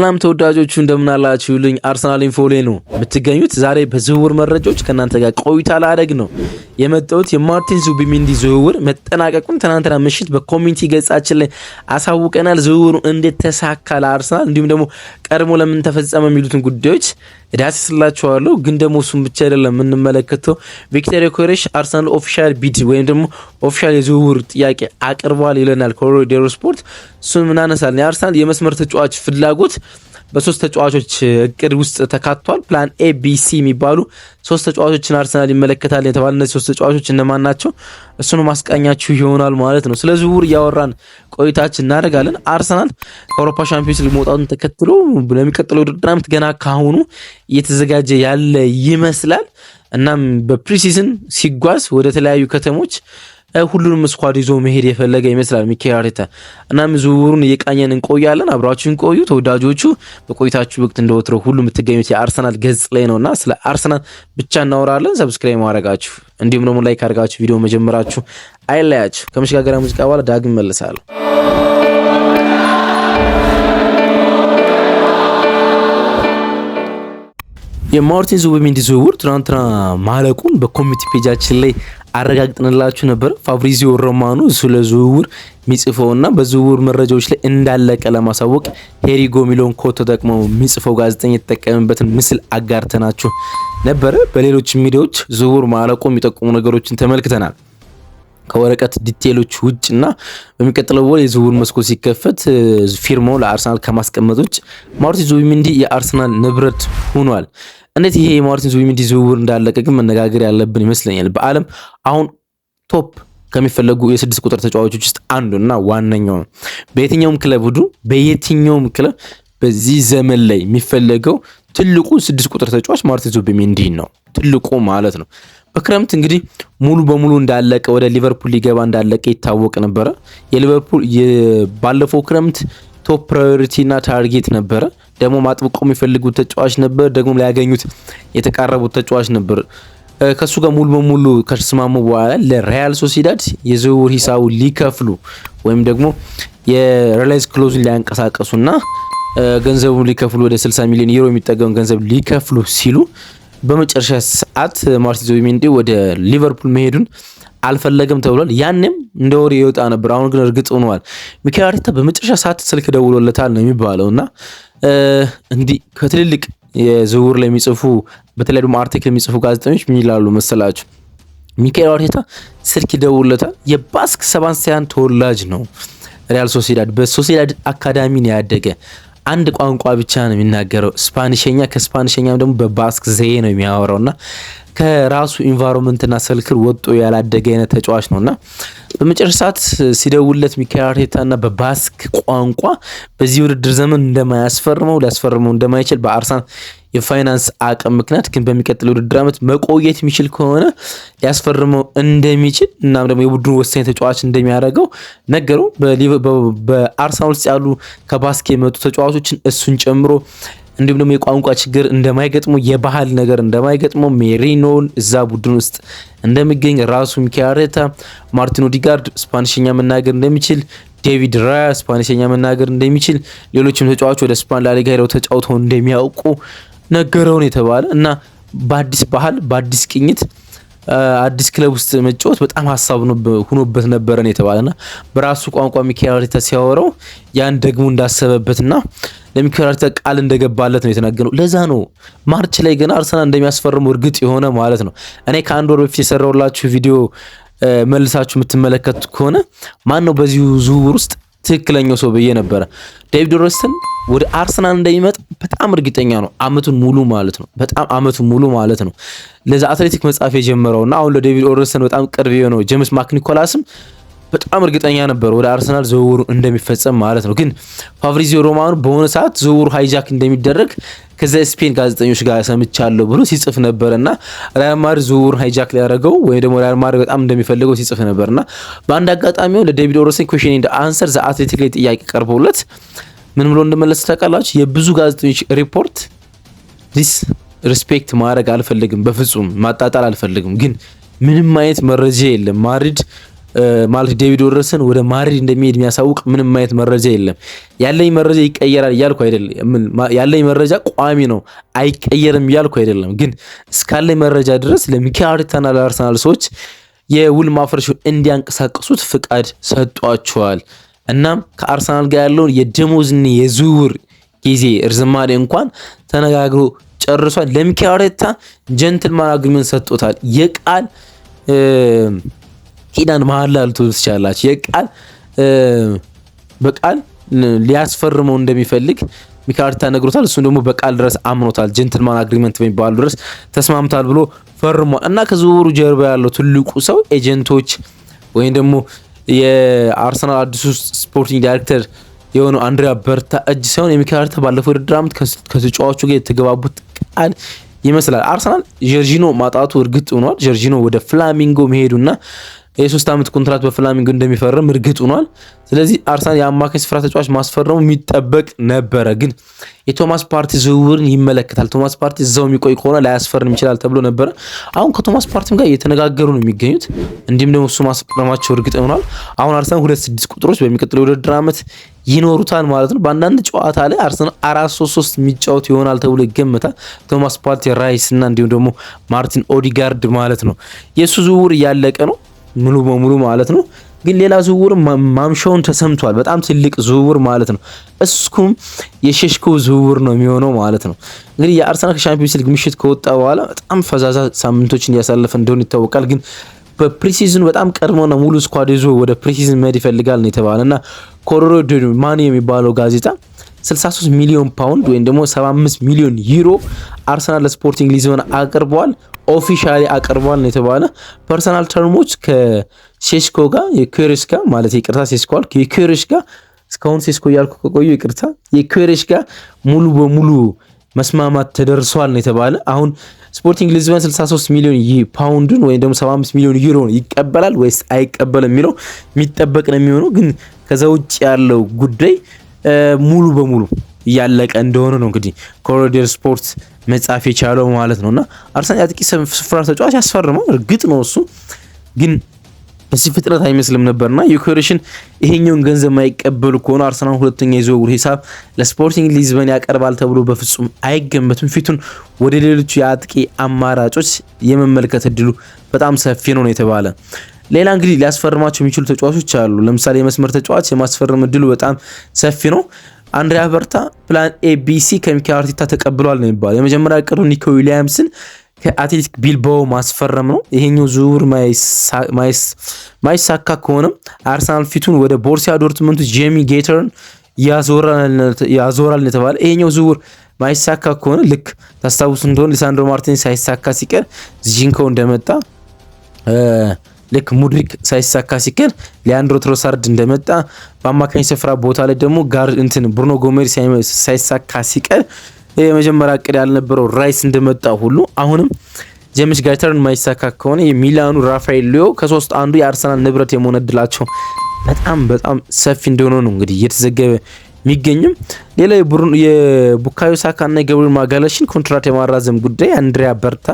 ሰላም ተወዳጆቹ እንደምናላችሁልኝ አርሰናል ኢንፎሌ ነው የምትገኙት። ዛሬ በዝውውር መረጃዎች ከእናንተ ጋር ቆይታ ላደግ ነው የመጣሁት። የማርቲን ዙቢሚንዲ ዝውውር መጠናቀቁን ትናንትና ምሽት በኮሚኒቲ ገጻችን ላይ አሳውቀናል። ዝውውሩ ተሳካ ለአርሰናል እንዲሁም ደግሞ ቀድሞ ለምን ተፈጸመ የሚሉትን ጉዳዮች እዳስስላችኋለሁ። ግን ደግሞ እሱም ብቻ አይደለም የምንመለከተው። ቪክተር ኮሬሽ አርሰናል ኦፊሻል ቢድ ወይም ደግሞ ኦፊሻል የዝውውር ጥያቄ አቅርቧል ይለናል ኮሮዴሮ ስፖርት። እሱን ምናነሳለን። የአርሰናል የመስመር ተጫዋች ፍላጎት በሶስት ተጫዋቾች እቅድ ውስጥ ተካቷል። ፕላን ኤ ቢ ሲ የሚባሉ ሶስት ተጫዋቾችን አርሰናል ይመለከታል የተባለ እነዚህ ሶስት ተጫዋቾች እነማን ናቸው? እሱን ማስቃኛችሁ ይሆናል ማለት ነው። ስለ ዝውውር እያወራን ቆይታችን እናደርጋለን። አርሰናል ከአውሮፓ ሻምፒዮንስ ሊግ መውጣቱን ተከትሎ ለሚቀጥለው ውድድር ዓመት ገና ካሁኑ እየተዘጋጀ ያለ ይመስላል። እናም በፕሪሲዝን ሲጓዝ ወደ ተለያዩ ከተሞች ሁሉንም ስኳድ ይዞ መሄድ የፈለገ ይመስላል ሚኬል አርቴታ። እናም ዝውውሩን እየቃኘን እንቆያለን። አብራችሁን ቆዩ ተወዳጆቹ። በቆይታችሁ ወቅት እንደወትሮ ሁሉ የምትገኙት የአርሰናል ገጽ ላይ ነውና ስለ አርሰናል ብቻ እናወራለን። ሰብስክራይብ ማድረጋችሁ እንዲሁም ደግሞ ላይክ አድርጋችሁ ቪዲዮ መጀመራችሁ አይለያችሁ። ከመሸጋገሪያ ሙዚቃ በኋላ ዳግም መልሳለሁ። የማርቲን ዙቢሜንዲ ዝውውር ትናንትና ማለቁን በኮሚቲ ፔጃችን ላይ አረጋግጥንላችሁ ነበረ። ፋብሪዚዮ ሮማኖ ስለ ዝውውር የሚጽፈውና በዝውውር መረጃዎች ላይ እንዳለቀ ለማሳወቅ ሄሪጎ የሚለውን ኮ ተጠቅመው የሚጽፈው ጋዜጠኛ የተጠቀምበትን ምስል አጋርተናችሁ ነበረ። በሌሎች ሚዲያዎች ዝውውር ማለቁ የሚጠቁሙ ነገሮችን ተመልክተናል። ከወረቀት ዲቴሎች ውጭ እና በሚቀጥለው ወር የዝውውር መስኮት ሲከፈት ፊርማው ለአርሰናል ከማስቀመጥ ውጭ ማርቲን ዙቢሚንዲ የአርሰናል ንብረት ሆኗል። እንዴት ይሄ የማርቲን ዙቢሚንዲ ዝውውር እንዳለቀ ግን መነጋገር ያለብን ይመስለኛል። በዓለም አሁን ቶፕ ከሚፈለጉ የስድስት ቁጥር ተጫዋቾች ውስጥ አንዱና ዋነኛው ነው። በየትኛውም ክለብ ሁዱ በየትኛውም ክለብ በዚህ ዘመን ላይ የሚፈለገው ትልቁ ስድስት ቁጥር ተጫዋች ማርቲን ዙቢሚንዲ ነው። ትልቁ ማለት ነው። በክረምት እንግዲህ ሙሉ በሙሉ እንዳለቀ ወደ ሊቨርፑል ሊገባ እንዳለቀ ይታወቅ ነበረ። የሊቨርፑል ባለፈው ክረምት ቶፕ ፕራዮሪቲና ታርጌት ነበረ። ደግሞ ማጥብቆ የሚፈልጉት ተጫዋች ነበር። ደግሞ ሊያገኙት የተቃረቡት ተጫዋች ነበር። ከእሱ ጋር ሙሉ በሙሉ ከተስማሙ በኋላ ለሪያል ሶሲዳድ የዝውውር ሂሳቡ ሊከፍሉ ወይም ደግሞ የሪላይዝ ክሎዙን ሊያንቀሳቀሱና ገንዘቡ ሊከፍሉ ወደ 60 ሚሊዮን ዩሮ የሚጠገውን ገንዘብ ሊከፍሉ ሲሉ በመጨረሻ ሰዓት ማርቲን ዙቢሜንዲ ወደ ሊቨርፑል መሄዱን አልፈለገም ተብሏል። ያንም እንደ ወሬ የወጣ ነበር። አሁን ግን እርግጥ ሆኗል። ሚካኤል አርቴታ በመጨረሻ ሰዓት ስልክ ደውሎለታል ነው የሚባለው እና እንግዲህ ከትልልቅ የዝውውር ላይ የሚጽፉ በተለይ ደግሞ አርቲክል የሚጽፉ ጋዜጠኞች ምን ይላሉ መሰላችሁ? ሚካኤል አርቴታ ስልክ ይደውለታል። የባስክ ሰባስቲያን ተወላጅ ነው። ሪያል ሶሲዳድ በሶሲዳድ አካዳሚ ነው ያደገ አንድ ቋንቋ ብቻ ነው የሚናገረው ስፓኒሽኛ። ከስፓኒሽኛም ደግሞ በባስክ ዘዬ ነው እና ከራሱ ኢንቫይሮንመንትና ሰልክል ወጦ ያላደገ አይነት ተጫዋች ነውና በመጨረሻ ሰዓት ሲደውለት ሚካኤል አርቴታና በባስክ ቋንቋ በዚህ ውድድር ዘመን እንደማያስፈርመው ሊያስፈርመው እንደማይችል በአርሰናል የፋይናንስ አቅም ምክንያት ግን በሚቀጥለው ውድድር አመት መቆየት የሚችል ከሆነ ሊያስፈርመው እንደሚችል እናም ደግሞ የቡድኑ ወሳኝ ተጫዋች እንደሚያደርገው ነገሩ። በአርሰናል ውስጥ ያሉ ከባስኬ የመጡ ተጫዋቾችን እሱን ጨምሮ እንዲሁም ደግሞ የቋንቋ ችግር እንደማይገጥሙ የባህል ነገር እንደማይገጥመው ሜሪኖን እዛ ቡድን ውስጥ እንደሚገኝ ራሱ ሚኬል አርቴታ፣ ማርቲን ኦዲጋርድ ስፓኒሽኛ መናገር እንደሚችል ዴቪድ ራያ ስፓኒሽኛ መናገር እንደሚችል ሌሎችም ተጫዋቾች ወደ ስፓን ላሊጋ ሄደው ተጫውተው እንደሚያውቁ ነገረውን የተባለ እና በአዲስ ባህል በአዲስ ቅኝት አዲስ ክለብ ውስጥ መጫወት በጣም ሀሳብ ሁኖበት ነበረን ና በራሱ ቋንቋ ሚካኤል አርቴታ ሲያወረው ያን ደግሞ እንዳሰበበትና ለሚካኤል አርቴታ ቃል እንደገባለት ነው የተናገረው። ለዛ ነው ማርች ላይ ገና አርሰናል እንደሚያስፈርሙ እርግጥ የሆነ ማለት ነው። እኔ ከአንድ ወር በፊት የሰራውላችሁ ቪዲዮ መልሳችሁ የምትመለከቱ ከሆነ ማን ነው በዚሁ ዝውውር ውስጥ ትክክለኛው ሰው ብዬ ነበረ። ዴቪድ ሮስተን ወደ አርሰናል እንደሚመጣ በጣም እርግጠኛ ነው። አመቱን ሙሉ ማለት ነው። በጣም አመቱን ሙሉ ማለት ነው። ለዛ አትሌቲክ መጽሐፍ የጀመረውና አሁን ለዴቪድ ሮይስን በጣም ቅርብ የሆነው ጀምስ ማክኒኮላስም በጣም እርግጠኛ ነበር ወደ አርሰናል ዝውውሩ እንደሚፈጸም ማለት ነው። ግን ፋብሪዚዮ ሮማኑ በሆነ ሰዓት ዝውውሩ ሃይጃክ እንደሚደረግ ከዛ ስፔን ጋዜጠኞች ጋር ሰምቻለሁ ብሎ ሲጽፍ ነበር እና ሪያል ማድሪድ ዝውውር ሃይጃክ ሊያደረገው ወይም ደግሞ ሪያል ማድሪድ በጣም እንደሚፈልገው ሲጽፍ ነበር እና በአንድ አጋጣሚው ለዴቪድ ኦሮሴን ኮሽን አንሰር ዘ አትሌቲክ ላይ ጥያቄ ቀርበውለት ምን ብሎ እንደመለስ ታውቃላችሁ? የብዙ ጋዜጠኞች ሪፖርት ዲስ ሪስፔክት ማድረግ አልፈልግም፣ በፍጹም ማጣጣል አልፈልግም፣ ግን ምንም አይነት መረጃ የለም ማድሪድ ማለት ዴቪድ ወረስን ወደ ማድሪድ እንደሚሄድ የሚያሳውቅ ምንም አይነት መረጃ የለም። ያለኝ መረጃ ይቀየራል እያልኩ አይደለም። ያለኝ መረጃ ቋሚ ነው አይቀየርም እያልኩ አይደለም። ግን እስካለኝ መረጃ ድረስ ለሚኬል አርቴታና ለአርሰናል ሰዎች የውል ማፍረሻውን እንዲያንቀሳቀሱት ፍቃድ ሰጧቸዋል። እናም ከአርሰናል ጋር ያለውን የደሞዝና የዝውውር ጊዜ እርዝማኔ እንኳን ተነጋግሮ ጨርሷል። ለሚኬል አርቴታ ጀንትልማን አግሪመንት ሰጥቶታል የቃል ኪዳን መሀል ልትሆን ትችላላችሁ። የቃል በቃል ሊያስፈርመው እንደሚፈልግ ሚካርታ አርቴታ ነግሮታል። እሱም ደግሞ በቃል ድረስ አምኖታል። ጀንትልማን አግሪመንት በሚባሉ ድረስ ተስማምታል ብሎ ፈርሟል። እና ከዝውውሩ ጀርባ ያለው ትልቁ ሰው ኤጀንቶች ወይም ደግሞ የአርሰናል አዲሱ ስፖርቲንግ ዳይሬክተር የሆነው አንድሪያ በርታ እጅ ሳይሆን የሚኬል አርቴታ ባለፈው ውድድር ዓመት ከተጫዋቹ ጋር የተገባቡት ቃል ይመስላል። አርሰናል ጀርጂኖ ማጣቱ እርግጥ ሆኗል። ጀርጂኖ ወደ ፍላሚንጎ መሄዱና የሶስት ዓመት ኮንትራት በፍላሚንጎ እንደሚፈርም እርግጥ ሆኗል። ስለዚህ አርሰናል የአማካኝ ስፍራ ተጫዋች ማስፈረሙ የሚጠበቅ ነበረ፣ ግን የቶማስ ፓርቲ ዝውውርን ይመለከታል። ቶማስ ፓርቲ እዛው የሚቆይ ከሆነ ላያስፈርም ይችላል ተብሎ ነበረ። አሁን ከቶማስ ፓርቲም ጋር እየተነጋገሩ ነው የሚገኙት። እንዲሁም ደግሞ እሱ ማስፈረማቸው እርግጥ ሆኗል። አሁን አርሰናል ሁለት ስድስት ቁጥሮች በሚቀጥለው የውድድር ዓመት ይኖሩታል ማለት ነው። በአንዳንድ ጨዋታ ላይ አርሰናል አራት ሶስት ሶስት የሚጫወት ይሆናል ተብሎ ይገመታል። ቶማስ ፓርቲ ራይስ እና እንዲሁም ደግሞ ማርቲን ኦዲጋርድ ማለት ነው። የእሱ ዝውውር እያለቀ ነው። ሙሉ በሙሉ ማለት ነው። ግን ሌላ ዝውውር ማምሻውን ተሰምቷል። በጣም ትልቅ ዝውውር ማለት ነው። እስኩም የሸሽኮ ዝውውር ነው የሚሆነው ማለት ነው። እንግዲህ የአርሰናል ከሻምፒዮንስ ሊግ ምሽት ከወጣ በኋላ በጣም ፈዛዛ ሳምንቶችን እያሳለፈ እንደሆነ ይታወቃል። ግን በፕሪሲዝኑ በጣም ነው ሙሉ ስኳድ ይዞ ወደ ፕሪሲዝን መሄድ ይፈልጋል ነው የተባለ እና ኮሮሮ ማን የሚባለው ጋዜጣ 63 ሚሊዮን ፓውንድ ወይም ደግሞ 75 ሚሊዮን ዩሮ አርሰናል ለስፖርቲንግ ሊዝበን አቅርበዋል። ኦፊሻሊ አቅርበዋል ነው የተባለ። ፐርሰናል ተርሞች ከሴስኮ ጋር የኩሬሽ ጋር ማለት ይቅርታ፣ ሴስኮ አልኩ የኩሬሽ ጋር እስካሁን ሴስኮ እያልኩ ከቆዩ ይቅርታ፣ የኩሬሽ ጋር ሙሉ በሙሉ መስማማት ተደርሷል ነው የተባለ። አሁን ስፖርቲንግ ሊዝበን 63 ሚሊዮን ፓውንድን ወይም ደግሞ 75 ሚሊዮን ዩሮን ይቀበላል ወይስ አይቀበልም የሚለው የሚጠበቅ ነው የሚሆነው። ግን ከዛ ውጭ ያለው ጉዳይ ሙሉ በሙሉ እያለቀ እንደሆነ ነው እንግዲህ ኮሪደር ስፖርት መጻፍ የቻለው ማለት ነው። እና አርሰናል ያጥቂ ስፍራ ተጫዋች ያስፈርመው እርግጥ ነው እሱ ግን በዚህ ፍጥነት አይመስልም ነበርና ዩኮሬሽን ይሄኛውን ገንዘብ ማይቀበሉ ከሆነ አርሰናል ሁለተኛ የዝውውር ሂሳብ ለስፖርቲንግ ሊዝበን ያቀርባል ተብሎ በፍጹም አይገመትም። ፊቱን ወደ ሌሎቹ የአጥቂ አማራጮች የመመልከት እድሉ በጣም ሰፊ ነው የተባለ ሌላ እንግዲህ ሊያስፈርማቸው የሚችሉ ተጫዋቾች አሉ። ለምሳሌ የመስመር ተጫዋች የማስፈረም እድሉ በጣም ሰፊ ነው። አንድሪያ በርታ ፕላን ኤቢሲ ከሚካኤል አርቴታ ተቀብሏል ነው የሚባለው። የመጀመሪያ እቅዱ ኒኮ ዊሊያምስን ከአትሌቲክ ቢልባኦ ማስፈረም ነው። ይሄኛው ዝውውር ማይሳካ ከሆነም አርሰናል ፊቱን ወደ ቦርሲያ ዶርትመንቱ ጄሚ ጌተርን ያዞራል የተባለ ይሄኛው ዝውውር ማይሳካ ከሆነ ልክ ታስታውሱ እንደሆነ ሊሳንድሮ ማርቲኔስ ሳይሳካ ሲቀር ዚንከው እንደመጣ ልክ ሙድሪክ ሳይሳካ ሲቀር ሊያንድሮ ትሮሳርድ እንደመጣ በአማካኝ ስፍራ ቦታ ላይ ደግሞ ጋር እንትን ብሩኖ ጎሜሪ ሳይሳካ ሲቀር የመጀመሪያ እቅድ ያልነበረው ራይስ እንደመጣ ሁሉ አሁንም ጄምስ ጋርተርን ማይሳካ ከሆነ የሚላኑ ራፋኤል ሊዮ ከሶስት አንዱ የአርሰናል ንብረት የመሆን እድላቸው በጣም በጣም ሰፊ እንደሆነ ነው እንግዲህ እየተዘገበ የሚገኝም ሌላ የቡካዮ ሳካና የገብርኤል ማጋለሽን ኮንትራት የማራዘም ጉዳይ አንድሪያ በርታ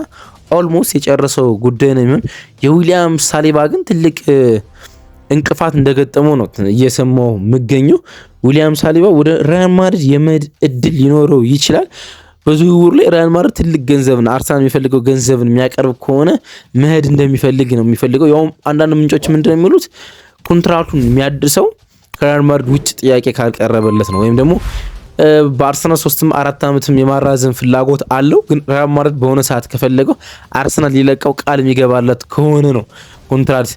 ኦልሞስት የጨረሰው ጉዳይ ነው የሚሆን። የዊሊያም ሳሊባ ግን ትልቅ እንቅፋት እንደገጠመው ነው እየሰማው የምገኘው። ዊሊያም ሳሊባ ወደ ሪያል ማድሪድ የመሄድ እድል ሊኖረው ይችላል። በዝውውሩ ላይ ሪያል ማድሪድ ትልቅ ገንዘብን አርሰናል የሚፈልገው ገንዘብን የሚያቀርብ ከሆነ መሄድ እንደሚፈልግ ነው የሚፈልገው። ያውም አንዳንድ ምንጮች ምንድን ነው የሚሉት ኮንትራቱን የሚያድሰው ከሪያል ማድሪድ ውጭ ጥያቄ ካልቀረበለት ነው ወይም ደግሞ በአርሰናል ሶስትም አራት ዓመትም የማራዘን ፍላጎት አለው። ግን ሪያል ማድሪድ በሆነ ሰዓት ከፈለገው አርሰናል ሊለቀው ቃል የሚገባለት ከሆነ ነው ኮንትራት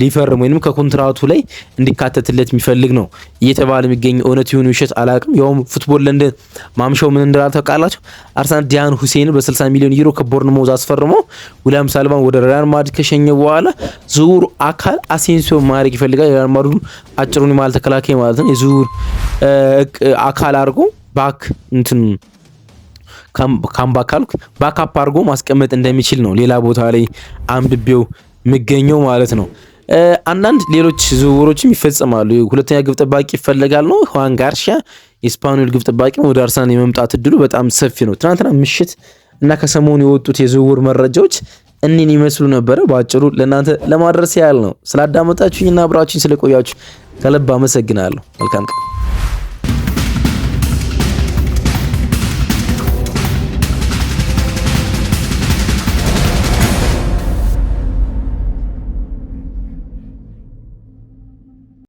ሊፈርም ወይም ከኮንትራቱ ላይ እንዲካተትለት የሚፈልግ ነው እየተባለ የሚገኝ እውነት ይሁን ውሸት አላቅም። ያውም ፉትቦል ለንደን ማምሻው ምን እንዳለ ታውቃላችሁ? አርሰናል ዲያን ሁሴን በ60 ሚሊዮን ዩሮ ከቦርንሞዝ አስፈርሞ ዊሊያም ሳልባን ወደ ሪያል ማድሪድ ከሸኘ በኋላ ዝውውሩ አካል አሴንሲዮ ማድረግ ይፈልጋል። ሪያል ማድሪዱ አጭሩን ማለት ተከላካይ ማለት ነው። የዝውውር አካል አድርጎ ባክ እንትን ካምባ ካልኩ ባካፕ አድርጎ ማስቀመጥ እንደሚችል ነው ሌላ ቦታ ላይ አንብቤው የሚገኘው ማለት ነው። አንዳንድ ሌሎች ዝውውሮችም ይፈጸማሉ። ሁለተኛ ግብ ጠባቂ ይፈለጋል ነው ሁዋን ጋርሺያ የስፓኒዮል ግብ ጠባቂ ወደ አርሰናል የመምጣት እድሉ በጣም ሰፊ ነው። ትናንትና ምሽት እና ከሰሞኑ የወጡት የዝውውር መረጃዎች እኒን ይመስሉ ነበረ። በአጭሩ ለእናንተ ለማድረስ ያህል ነው። ስላዳመጣችሁኝ እና አብራችሁኝ ስለቆያችሁ ከልብ አመሰግናለሁ። መልካም ቀን